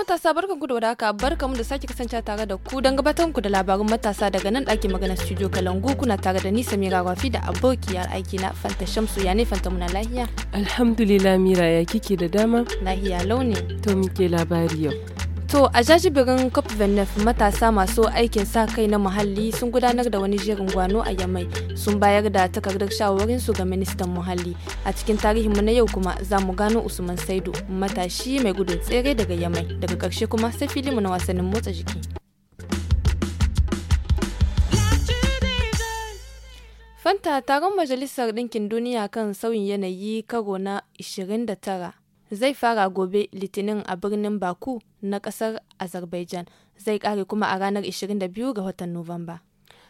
matasa barkan ku da wadaka barkan mu da sake kasance tare da ku don gabatar ku da labarin matasa daga nan ɗaki magana studio Kalangu kuna tare da nisa Samira Rafi da abokiyar aiki na Fanta Shamsu ya ne Fanta muna lahiya. Alhamdulillah Mira ya kike da dama? Lahiya launi. To muke labari yau. To a jajibirin COP29 matasa masu aikin sa kai na muhalli sun gudanar da wani jerin gwano a Yamai sun bayar da takardar shawarinsu ga ministan muhalli. A cikin tarihinmu na yau kuma za mu gano Usman Saidu matashi mai gudun tsere daga Yamai daga karshe kuma sai mu na wasannin motsa jiki. Fanta taron Majalisar Ɗinkin Duniya kan sauyin yanayi karo na 29 zai fara gobe litinin a birnin baku na kasar azerbaijan zai kare kuma a ranar 22 ga watan nuwamba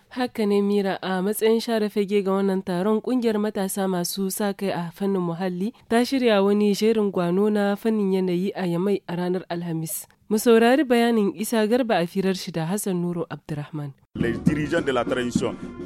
haka ne mira a matsayin share fage ga wannan taron kungiyar matasa masu sa kai a fannin muhalli ta shirya wani shirin gwano na fannin yanayi a yamai a ranar alhamis Mu saurari bayanin Isa Garba a firar shi da Hassan Nuru Abdurrahman.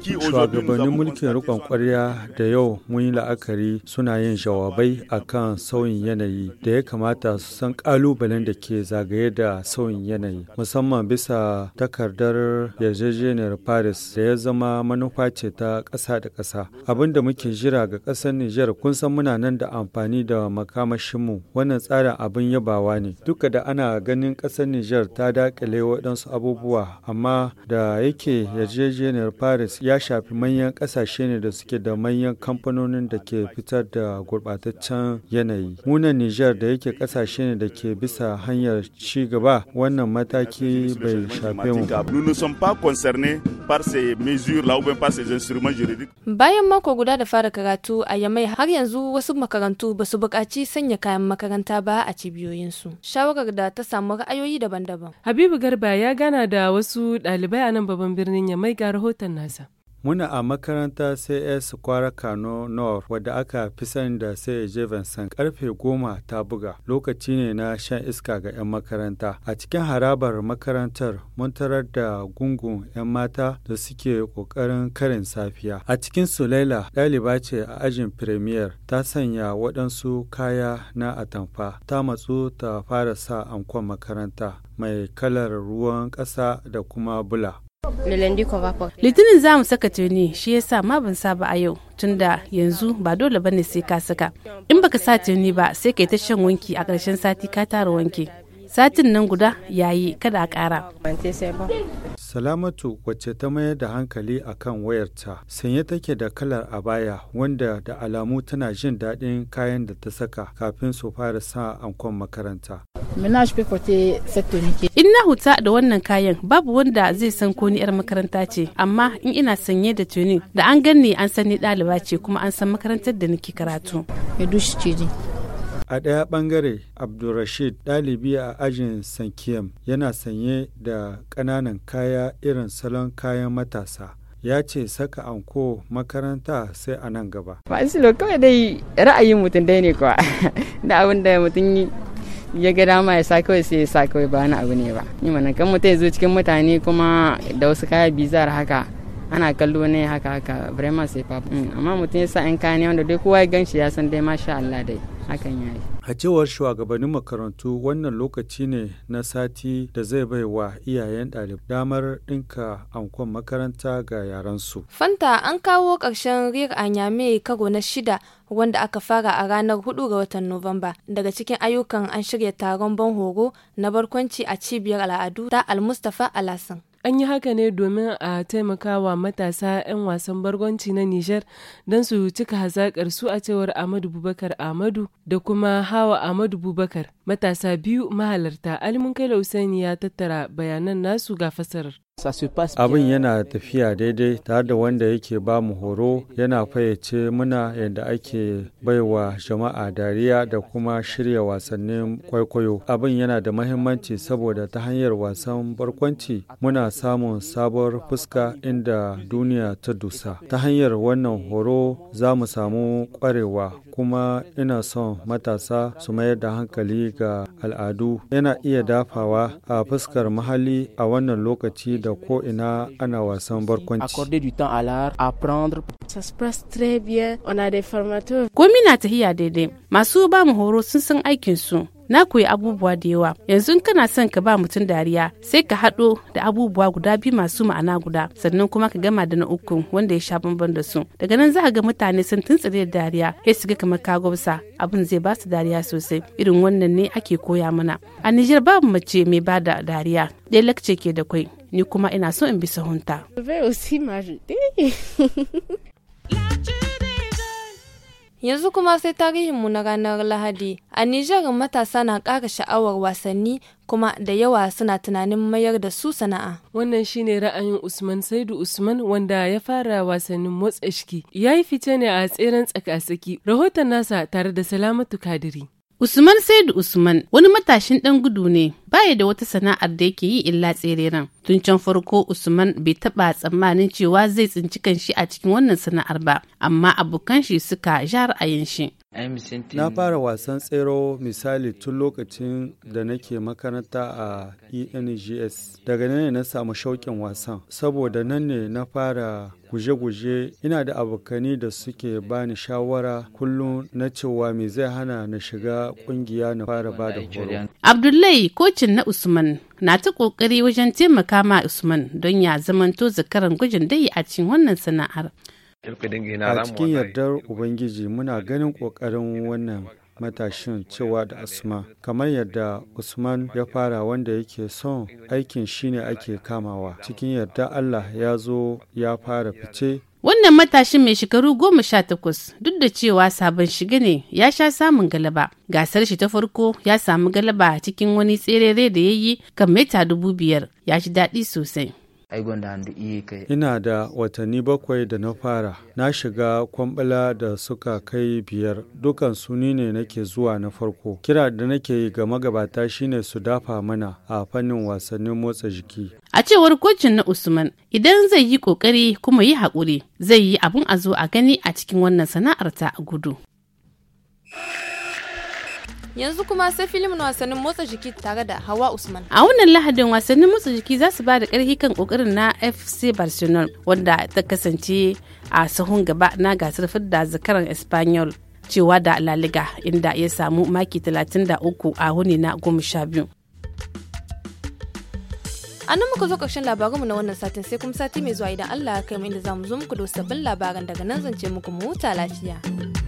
Shugabannin mulkin rikon kwarya da yau mun yi la'akari suna yin jawabai a kan sauyin yanayi da ya kamata su san kalubalen da ke zagaye da sauyin yanayi musamman bisa takardar yarjejeniyar Paris da ya zama manufa ce ta ƙasa da ƙasa. Abin da muke jira ga ƙasar Nijar kun san muna nan da amfani da makamashinmu wannan tsarin abin yabawa ne. Duka da ana ganin ƙasar Nijar ta dakile waɗansu abubuwa, amma da yake yarjejeniyar Paris ya shafi manyan ƙasashe ne da suke da manyan kamfanonin da ke fitar da gurɓataccen yanayi. Munan Nijar da yake ƙasashe ne da ke bisa hanyar ci gaba wannan mataki bai shafe mu. Bayan mako guda da fara karatu a Yamai har yanzu wasu makarantu ba su buƙaci sanya kayan makaranta ba a cibiyoyinsu. Shawarar da ta samu ra'ayoyi daban-daban. Habibu Garba ya gana da wasu ɗalibai a nan babban birnin ya mai ga rahoton nasa. Muna a makaranta CS Kwara Kano Nor wadda aka fi sani da sai Vincent karfe goma ta buga lokaci ne na shan iska ga 'yan makaranta. A cikin harabar makarantar mun tarar da gungun 'yan mata da suke ƙoƙarin karin safiya. A cikin Sulaila ɗaliba ce a ajin Premier ta sanya waɗansu kaya na atamfa ta matsu ta fara sa ankon makaranta mai kalar ruwan ƙasa da kuma bula. litinin za mu saka tuni shi yasa ma ban saba a yau tunda yanzu ba dole bane sai ka saka in baka sa tuni ba sai kai ta shan wanki a ƙarshen sati ka tara wanki satin nan guda yayi kada a ƙara. Salamatu wacce ta mayar da hankali a kan wayarta sanye take da kalar abaya wanda da alamu tana jin daɗin kayan da ta saka kafin su fara sa ankon makaranta. In na huta da wannan kayan babu wanda zai san ko ni 'yar makaranta ce, amma in ina sanye da tuni da an ganni an san ni ɗaliba ce kuma an san makarantar da nake karatu. A ɗaya ɓangare, Abdulrashid ɗalibi a ajin Sankiyam yana sanye da ƙananan kaya irin salon kayan matasa. ya ce saka anko makaranta sai a nan gaba. Ba kawai dai ra'ayin mutum dai ne kuwa da abin da mutum ya ga dama ya sa kawai sai ya sa kawai ba wani abu ne ba ni mana kan mutum ya zo cikin mutane kuma da wasu kaya bizar haka ana kallo ne haka haka vraiment sai amma mutum ya sa yan kaya ne wanda dai kowa ya shi ya san dai masha Allah dai hakan yayi A cewar shugabannin makarantu wannan lokaci ne na sati da zai bai wa iyayen ɗalib damar ɗinka ankon makaranta ga yaransu. Fanta an kawo ƙarshen Rir Anyame karo na shida wanda aka fara a ranar 4 ga watan Nuwamba. Daga cikin ayyukan an shirya taron ban horo na barkwanci a cibiyar al'adu ta Al-Mustapha Alasan. An yi haka ne domin a taimakawa matasa 'yan wasan barkwanci na Nijar don su cika hazaƙar su a cewar Ahmadu Bubakar Ahmadu da kuma Hawa Ahmadu Bubakar. Matasa biyu mahalarta Alimunkaila sani ya tattara bayanan nasu ga fasarar. Abin yana tafiya daidai tare da wanda yake ba mu horo yana fayyace muna yadda ake baiwa jama'a dariya da kuma shirya wasannin kwaikwayo. Abin yana da mahimmanci saboda ta hanyar wasan barkwanci muna samun sabuwar fuska inda duniya ta dusa. Ta hanyar wannan horo za mu samu kwarewa kuma ina son matasa su mayar da hankali ga al'adu yana iya dafawa a fuskar mahalli a wannan lokaci da ko ina ana wasan barkwanci. Komi na tahiya daidai masu ba mu horo sun san aikinsu na koyi abubuwa da yawa yanzu kana son ka ba mutum dariya sai ka haɗo da abubuwa guda biyu masu ma'ana guda sannan kuma ka gama da na uku wanda ya sha bamban da su daga nan za ka ga mutane sun tuntsire da dariya ya su ga kamar kagwabsa abin zai ba su dariya sosai irin wannan ne ake koya mana a Nijar babu mace mai ba da dariya ɗaya lakce ke da kwai ni kuma ina so in bi sahunta. Yanzu kuma sai tarihinmu na ranar Lahadi. A Nijar matasa na ƙara sha'awar wasanni kuma da yawa suna tunanin mayar da su sana'a. Wannan shine ra'ayin Usman Saidu Usman wanda ya fara wasannin motsa shiki. Ya yi fice ne a tseren tsakasaki. Rahoton nasa tare da Salamatu Kadiri. Usman Saidu Usman wani matashin ɗan gudu ne baya da wata sana'ar da yake yi illa tsereren. Tun can farko Usman bai taɓa tsammanin cewa zai tsinci kanshi a cikin wannan sana'ar ba, amma abokan shi suka ja ra'ayin shi. Na fara wasan tsero misali tun lokacin da nake makaranta a ENGS. Daga nan ne na samu shauƙin wasan, saboda nan ne na fara guje-guje ina da abokani da suke bani shawara kullum na cewa me zai hana na shiga ƙungiya na fara ba da horo. Abdullahi kocin na Usman na ta ƙoƙari wajen taimaka ma Usman don ya zamanto zakaran gujin dai a cikin wannan sana'ar. a cikin yardar ubangiji muna ganin ƙoƙarin wannan matashin cewa da asma kamar yadda usman ya fara wanda yake son aikin shine ake kamawa cikin yadda allah ya zo ya fara fice wannan matashin mai shekaru goma sha takwas duk da cewa sabon shiga ne ya sha samun galaba gasar shi ta farko ya samu galaba cikin wani tserere da ya yi kan mita dubu biyar ya ji daɗi sosai Ina da watanni bakwai da na fara, na shiga kwambala da suka kai biyar, dukan suni ne nake zuwa na farko. Kira da nake yi ga magabata shine su dafa mana a fannin wasannin motsa jiki. A cewar kocin na Usman, idan zai yi kokari kuma yi haƙuri, zai yi abin a zo a gani a cikin wannan sana'ar ta gudu. Yanzu kuma sai filimin wasannin motsa jiki tare da Hawa Usman. A wannan Lahadin wasannin motsa jiki za su ba da karfi kan kokarin na FC Barcelona wanda ta kasance a sahun gaba na gasar fidda zakaran Espanyol. cewa da La Liga inda ya samu maki 33 a huni na 12. A nan muka zo ƙarshen labarinmu na wannan satin sai kuma sati mai zuwa idan Allah ya kai mu inda za mu zo muku da sabbin labaran daga nan zance muku mu huta lafiya.